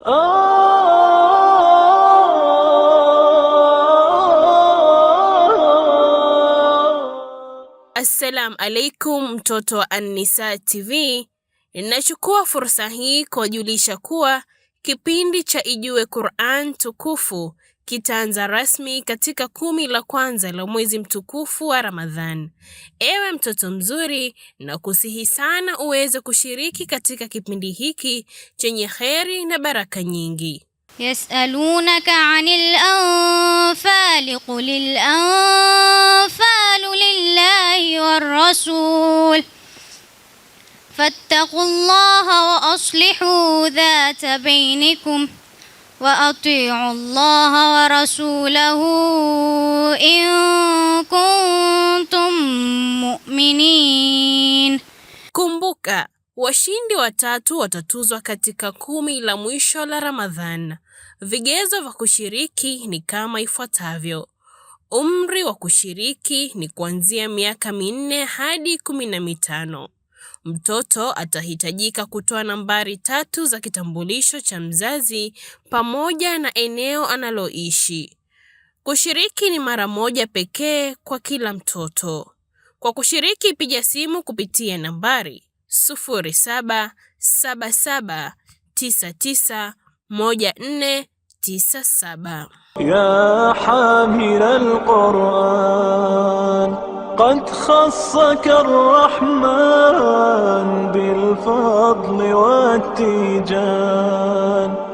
Oh, Assalamu alaikum, mtoto wa anisa TV, ninachukua fursa hii kuwajulisha kuwa Kipindi cha Ijue Qur'an Tukufu kitaanza rasmi katika kumi la kwanza la mwezi mtukufu wa Ramadhan. Ewe mtoto mzuri, na kusihi sana uweze kushiriki katika kipindi hiki chenye kheri na baraka nyingi. Yasalunaka anil anfali qulil anfali فاتقوا الله وأصلحوا ذات بينكم وأطيعوا الله ورسوله إن كنتم مؤمنين Kumbuka, washindi watatu watatuzwa katika kumi la mwisho la Ramadhan. Vigezo vya kushiriki ni kama ifuatavyo: umri wa kushiriki ni kuanzia miaka minne hadi kumi na mitano. Mtoto atahitajika kutoa nambari tatu za kitambulisho cha mzazi pamoja na eneo analoishi. Kushiriki ni mara moja pekee kwa kila mtoto. Kwa kushiriki, piga simu kupitia nambari 0777991497. Ya hamilal Qur'an قد خصك الرحمن بالفضل والتيجان